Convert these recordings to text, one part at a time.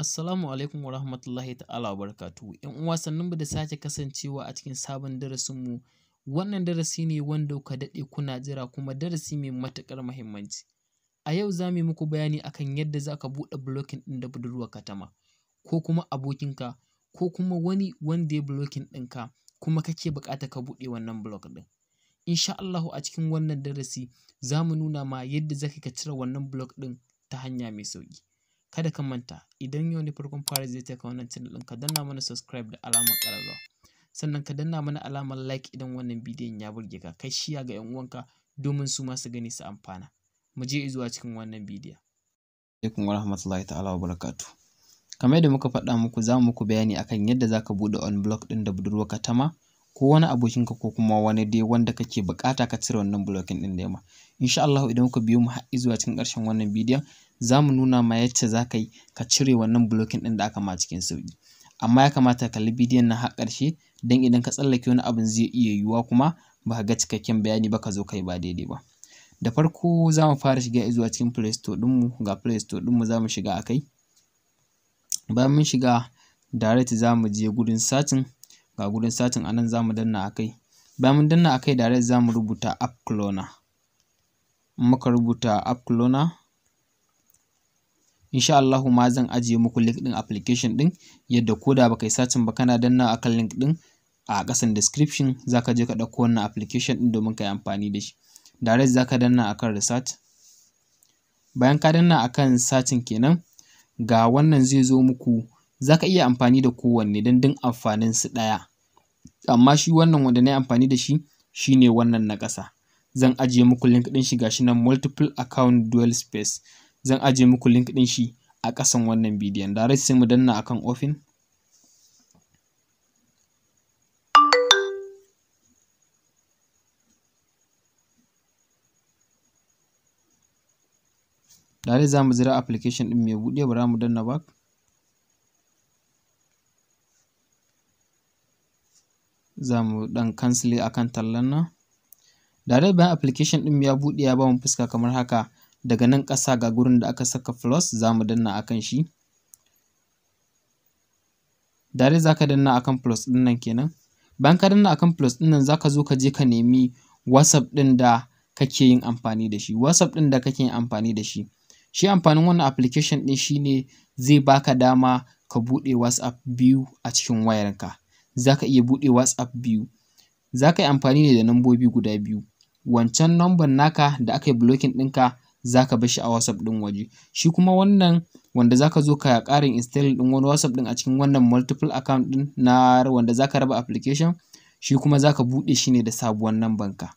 Assalamu alaikum wa rahmatullahi ta'ala wa ‘Yan uwa sannunmu da sake kasancewa a cikin sabon darasin mu. Wannan darasi ne wanda ka daɗe kuna jira kuma darasi mai matuƙar muhimmanci. A yau za mu yi muku bayani akan yadda za ka buɗe blocking ɗin da budurwa tama, ko kuma abokinka, ko kuma wani wanda ya blocking ɗinka kuma kake buƙata ka buɗe wannan block ɗin. Insha Allah a cikin wannan darasi za mu nuna ma yadda za ka cire wannan block ɗin ta hanya mai sauƙi. kada ka manta idan yau ne farkon fara zai taka wannan channel ɗin ka danna mana subscribe da alamar ƙararrawa sannan ka danna mana alamar like idan wannan bidiyon ya burge ka kai shiya ga 'yan uwanka domin su ma su gani su amfana mu je zuwa cikin wannan bidiyon alaikum warahmatullahi ta'ala wa barakatu kamar yadda muka faɗa muku za muku bayani akan yadda za ka buɗe on block ɗin da budurwa ka tama ko wani abokinka ko kuma wani dai wanda kake bukata ka cire wannan blocking ɗin da yamma insha Allah idan muka biyo mu har zuwa cikin ƙarshen wannan bidiyon za mu nuna ma yacce za ka yi ka cire wannan blocking ɗin da aka ma cikin sauƙi. Amma ya kamata ka kalli bidiyon nan har ƙarshe don idan ka tsallake wani abun zai iya yiwuwa kuma ba ka ga cikakken bayani ba ka zo ka yi ba daidai ba. Da farko za mu fara shiga izuwa cikin Play Store ɗinmu, ga Play Store ɗinmu za mu shiga a kai. Bayan mun shiga direct za mu je gurin searching, ga gurin searching a nan za mu danna a kai. Bayan mun danna a kai direct za mu rubuta App Cloner. In muka rubuta App Cloner insha Allahu ma zan ajiye muku link ɗin application ɗin yadda ko da baka yi sacin ba kana danna akan link ɗin a ƙasan description za ka je ka ɗauko wannan application ɗin domin ka yi amfani da shi direct za ka danna akan research bayan ka danna akan sacin kenan ga wannan zai zo muku za ka iya amfani da kowanne don din amfanin su ɗaya amma shi wannan wanda na yi amfani da shi shine wannan na ƙasa zan ajiye muku link ɗin shi gashi nan multiple account dual space zan ajiye muku link ɗin shi a ƙasan wannan bidiyon direct sai mu danna akan ofin dare za mu zira application ɗin mai buɗe bara mu danna back za mu ɗan cancel akan tallan nan dare bayan application ɗin ya buɗe ya ba mu fuska kamar haka daga nan ƙasa ga gurin da aka saka plus za mu danna a kan shi dare za ka danna a kan plus ɗin nan kenan bayan ka danna a kan plus ɗin nan za ka zo ka je ka nemi whatsapp ɗin da kake yin amfani da shi whatsapp ɗin da kake yin amfani da shi shi amfanin wannan application ɗin shine zai baka dama ka buɗe whatsapp biyu a cikin wayarka za ka iya buɗe whatsapp biyu za ka yi amfani ne da nambobi guda biyu wancan number naka da aka yi blocking ɗinka zaka bar shi a WhatsApp ɗin waje. Shi kuma wannan wanda zaka zo ka ƙarin installing ɗin wani WhatsApp ɗin a cikin wannan multiple account ɗin na wanda zaka raba application shi kuma zaka buɗe shi ne da sabuwar number ka.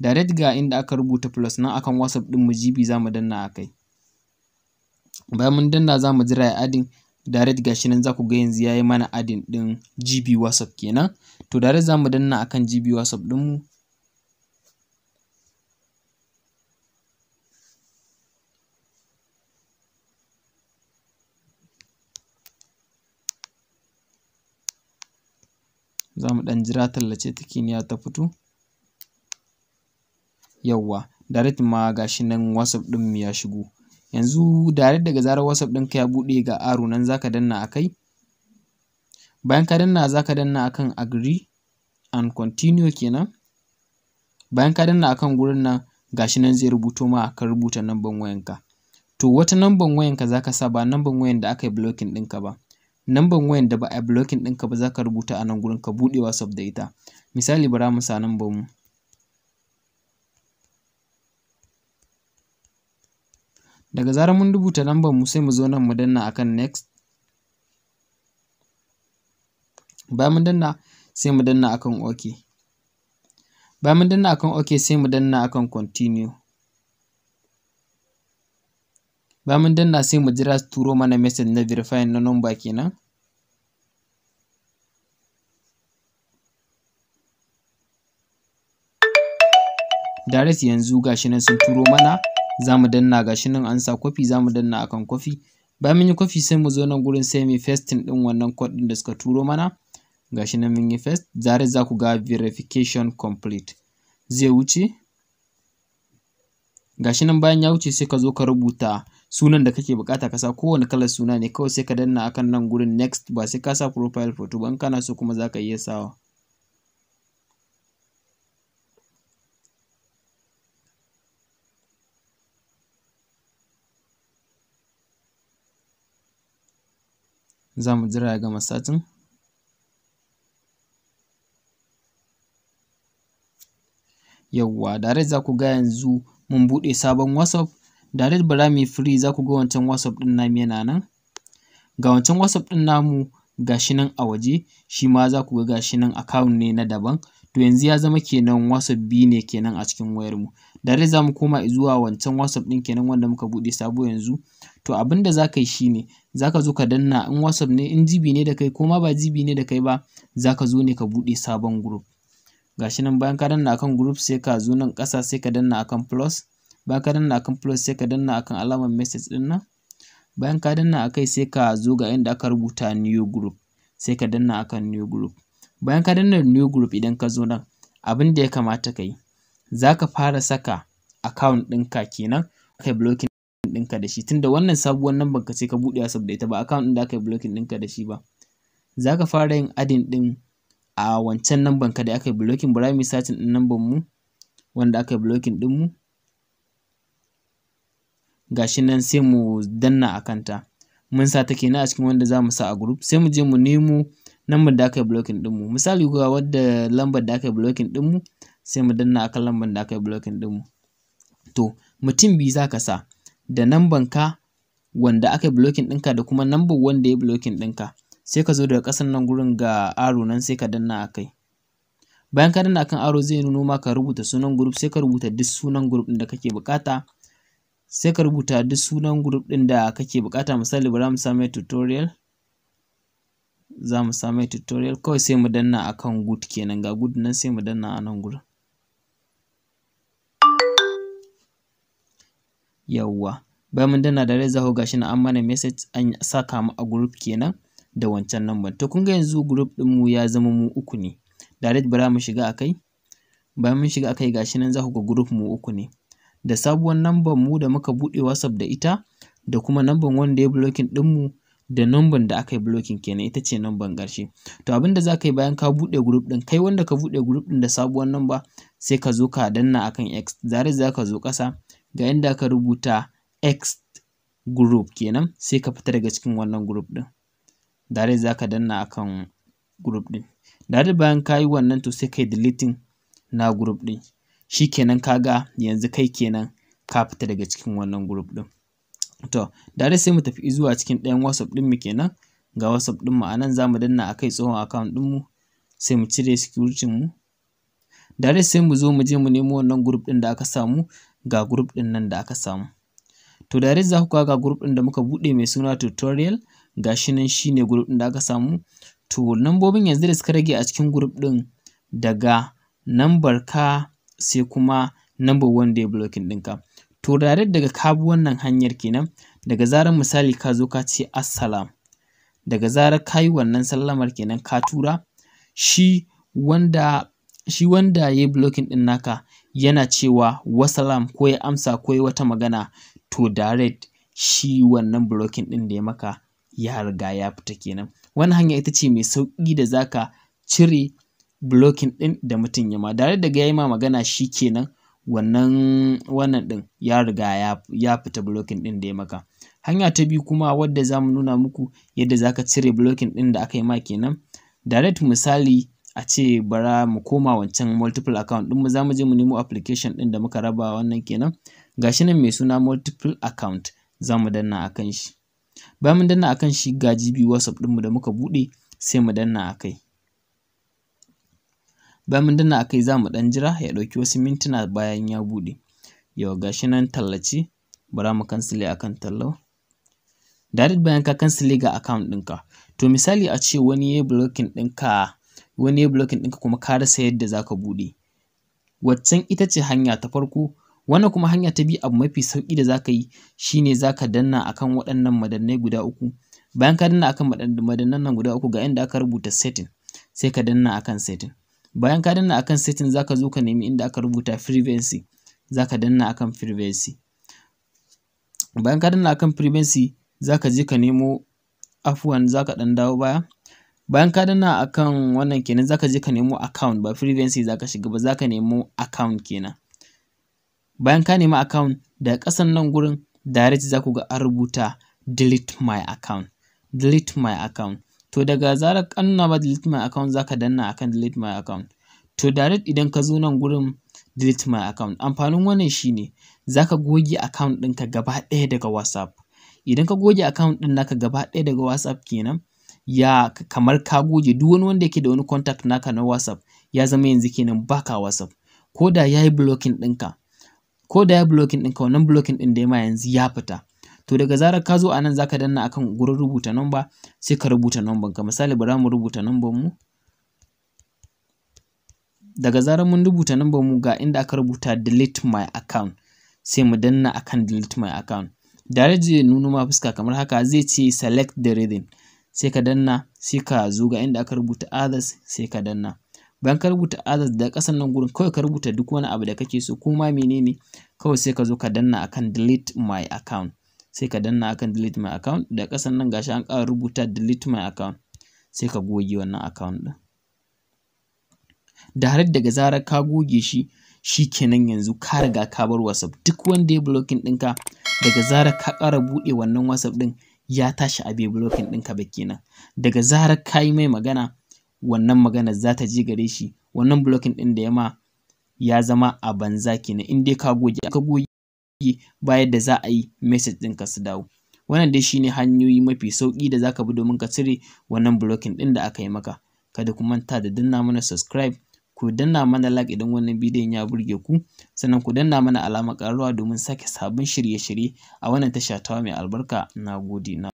Direct ga inda aka rubuta plus nan akan WhatsApp ɗin mu GB zamu danna a kai. Bayan mun danna zamu jira ya adding direct shi nan za ku ga yanzu ya yi mana adding ɗin GB WhatsApp kenan. To direct zamu danna akan GB WhatsApp ɗin mu za mu ɗan jira tallace ta kimiyya ta fito yawwa direct ma gashi nan whatsapp ɗin ya shigo yanzu direct daga zarar whatsapp ɗinka ya buɗe ga aro nan zaka danna akai bayan ka danna zaka danna akan agree and continue kenan bayan ka danna akan gurin nan gashi nan zai rubuto ma ka rubuta number wayanka to wata number wayanka zaka sa ba number wayan da aka yi blocking ɗinka ba Namban wayan da ba a blocking ɗinka ba za ka rubuta a nan gurin ka buɗe WhatsApp da ita. Misali bara mu sa namban mu. Daga zarar mun rubuta namban mu sai mu zo nan mu danna akan next. Bayan mun danna sai mu danna akan OK. Bayan mun danna akan OK sai mu danna akan continue. Ba mun danna sai mu jira su turo mana message na verify na number kenan. Direct yanzu gashi nan sun turo mana za mu danna gashi nan an sa copy za mu danna akan copy. Bayan mun yi copy sai mu zo nan gurin sai mu yi din ɗin wannan code din da suka turo mana. Gashi nan mun yi fest zare za ku ga verification complete. Zai wuce. Gashi nan bayan ya wuce sai ka zo ka rubuta sunan da kake bukata ka kowane kalar suna ne kawai sai ka danna akan nan gurin next ba sai ka sa profile photo ba in kana so kuma za ka iya sawa za mu jira ya gama satin yawwa dare za ku ga yanzu mun bude sabon whatsapp direct bara mai free za ku ga wancan whatsapp ɗin namu yana nan ga wancan whatsapp ɗin namu gashi nan a waje shi ma za ku ga gashi nan account ne na daban to yanzu ya zama kenan whatsapp B ne kenan a cikin wayar mu direct za mu koma zuwa wancan whatsapp ɗin kenan wanda muka buɗe sabo yanzu to abin da za ka yi shine za ka zo ka danna in whatsapp ne in jibi ne da kai ko ma ba jibi ne da kai ba za ka zo ne ka buɗe sabon group gashi nan bayan ka danna akan group sai ka zo nan ƙasa sai ka danna akan plus Bayan ka danna akan plus sai ka danna akan alamar message din nan. Bayan ka danna akai sai ka zo ga inda aka rubuta new group sai ka danna akan new group. Bayan ka danna new group idan ka zo nan abin da ya kamata ka yi za fara saka account ɗinka kenan kai blocking ɗinka da shi tunda wannan sabuwar number ka ce ka buɗe da ita ba account ɗin da aka yi blocking ɗinka da shi ba. Za fara yin adding ɗin a wancan number ka da aka yi blocking bari mu number mu wanda aka yi blocking ɗin mu gashi nan sai mu danna a kanta mun sa ta na a cikin wanda za mu sa a group sai mu je mu nemo lambar da aka yi blocking mu misali ga wadda lambar da aka yi blocking mu sai mu danna akan lambar da aka yi blocking mu to mutum biyu za ka sa da namban ka wanda aka yi blocking ɗinka da kuma lambar wanda ya yi blocking ɗinka sai ka zo daga kasan nan gurin ga aro nan sai ka danna a kai bayan ka danna akan aro zai nuno maka rubuta sunan group sai ka rubuta duk sunan group ɗin da kake bukata sai ka rubuta duk sunan group ɗin da kake bukata misali bari mu sa mai tutorial za mu sa mai tutorial kawai sai mu danna akan good kenan ga good nan sai mu danna a nan gurin yawwa bayan mun danna da rai za ku gashi na an mana message an saka mu a group kenan da wancan number to kun ga yanzu group din mu ya zama mu uku ne direct bari mu shiga akai bayan mun shiga akai gashi nan za ku ga group mu uku ne da sabuwar namban mu da muka buɗe WhatsApp da ita da kuma namban wanda ya blocking mu da namban da aka yi blocking kenan ita ce namban ƙarshe. To abin da za yi bayan ka buɗe group din kai wanda ka buɗe group din da sabuwar namba sai ka zo ka danna akan X zare za zo ƙasa ga inda ka rubuta X group kenan sai ka fita daga cikin wannan group din. Zare za ka danna akan group din. dare bayan ka yi wannan to sai ka yi deleting na group din. shi kenan kaga yanzu kai kenan ka fita daga cikin wannan group ɗin to dare sai mu tafi zuwa cikin ɗayan whatsapp mu kenan ga whatsapp mu a nan za mu danna a kai tsohon account ɗinmu sai mu cire security mu dare sai mu zo mu je mu nemo wannan group ɗin da aka samu ga group ɗin nan da aka samu to dare za ku ga group ɗin da muka buɗe mai suna tutorial gashi nan shine group ɗin da aka samu to lambobin yanzu da suka rage a cikin group ɗin daga number ka sai kuma number one day ya blocking ɗinka to dare daga ka wannan hanyar kenan daga zarar misali ka zo ka ce assalam daga zarar ka yi wannan sallamar kenan ka tura shi wanda shi wanda ya yi blocking ɗin naka yana cewa wasalam ko ya amsa ko ya wata magana to direct shi wannan blocking ɗin da ya maka ya riga ya fita kenan wannan hanya ita ce mai sauƙi da zaka cire blocking ɗin da mutum ya ma da daga ma magana shi kenan wannan wannan ɗin ya riga ya fita blocking ɗin da ya maka hanya ta biyu kuma wadda za mu nuna muku yadda za ka cire blocking ɗin da aka yi ma kenan direct misali a ce bara mu koma wancan multiple account ɗinmu za mu je mu nemo application ɗin da muka raba wannan kenan gashi nan mai suna multiple account za mu danna a kan shi bayan mun danna kan shi ga GB WhatsApp ɗinmu da muka buɗe sai mu danna a kai. bayan mun danna kai za mu ɗan jira ya ɗauki wasu mintuna bayan ya buɗe yau gashi nan tallace bara mu kansile akan tallau direct bayan ka kansile ga account ɗinka to misali a ce wani ya blocking ɗinka wani ya blocking ɗinka kuma ka rasa yadda ka buɗe waccan ita ce hanya ta farko wannan kuma hanya ta biyu abu mafi sauƙi da za ka yi shine ka danna akan waɗannan madannai guda uku bayan ka danna akan madannan nan guda uku ga inda aka rubuta setting sai ka danna akan setting bayan ka danna akan setting zaka zo ka nemi inda aka rubuta frequency zaka danna akan frequency bayan ka danna akan frequency zaka je ka nemo afwan zaka dan dawo baya bayan ka danna akan wannan kenan zaka je ka nemo account ba frequency zaka shiga ba zaka nemo account kenan bayan ka nemi account daga kasan nan gurin direct za ku ga an rubuta delete my account delete my account To daga zarar ka nuna ma delete my account za danna akan delete my account. To direct idan ka zo nan gurin delete my account. Amfanin wannan shine zaka goge account ɗinka gaba ɗaya daga WhatsApp. Idan ka goge account ɗin naka gaba ɗaya daga WhatsApp kenan, ya kamar ka goge duk wani wanda yake da wani contact naka na WhatsApp ya zama yanzu kenan baka WhatsApp. Ko da ya blocking ɗinka, ko da ya blocking ɗinka wannan blocking ɗin da ya ma yanzu ya fita. to daga zarar ka zo a nan za ka danna akan gurin rubuta number sai ka rubuta number ka misali bari mu rubuta number mu daga zarar mun rubuta number mu ga inda aka rubuta delete my account sai mu danna akan delete my account direct je nuno ma fuska kamar haka zai ce select the reading sai ka danna sai ka zo ga inda aka rubuta others sai ka danna bayan ka rubuta others da kasan nan gurin kawai ka rubuta duk wani abu da kake so kuma menene kawai sai ka zo ka danna akan delete my account sai ka danna akan delete my account da ƙasan nan gashi an ƙara rubuta delete my account sai ka goge wannan account ɗin da har daga zarar ka goge shi shi kenan yanzu ka riga ka bar whatsapp duk wanda ya blocking ɗinka daga zarar ka ƙara buɗe wannan whatsapp ɗin ya tashi a bai blocking ɗinka ba kenan daga zarar ka yi mai magana wannan maganar za ta je gare shi wannan blocking ɗin da ya ma ya zama a banza kenan in dai ka goge ka goge sauƙi ba yadda za a yi ɗin ka su dawo. Wannan dai shine hanyoyi mafi sauƙi da zaka bi domin ka cire wannan blocking ɗin da aka yi maka. Kada ku manta da danna mana subscribe, ku danna mana like idan wannan bidiyon ya burge ku, sannan ku danna mana alamar ƙararrawa domin sake sabon shirye-shirye a wannan tasha tawa mai albarka. Na gode.